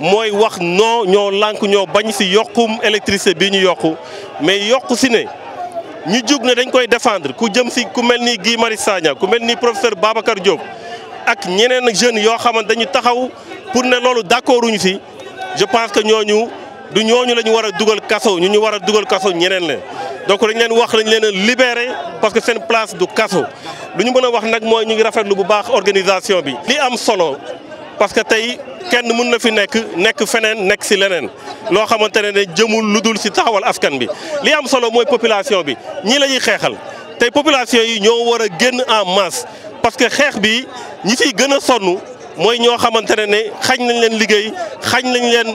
mooy wax non ñoo lànk ñoo bañ si yokkum électricité bii ñu yokku mais yokku si ne ñu jug ne dañ koy défendre ku jëm si ku mel ni Guy Marius Sagna ku mel ni professeur Babacar Diop ak ñeneen ak jeunes yoo xamante dañu taxaw pour ne loolu d'accorduñu si je pense que ñooñu du ñooñu la ñu war a dugal kaso ñu ñu war a dugal kaso ñeneen la donc dañ leen wax dañ leen a libéré parce que seen place du kaso lu ñu mën a wax nag mooy ñu ngi rafetlu bu baax organisation bi. li am solo كان من في نك نك فنن نك سلنن لو خمنتنا نجمل لدول ستها والأفكان بي ليه مسلم موي population بي نيلا جي خيال تي population ينور جن أماس بس كخيال بي نسي جن صنو mooy ñoo xamante ne ne xañ nañ leen liggéey xañ nañ leen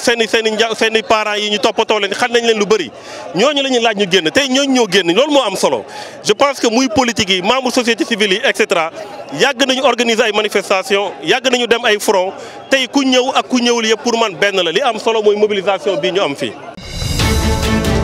seen euh, seeni seen i nja seen yi ñu toppatoo leen xañ nañ leen lu bëri ñooñu la ñuy laaj ñu génn tey ñooñu ñoo génn loolu moo am solo je pense que muy politique yi membre société civile yi et cetera yàgg nañu organiser ay manifestation yàgg nañu dem ay front tey ku ñëw ak ku ñëwul yëpp pour man benn la li am solo mooy mobilisation bi ñu am fii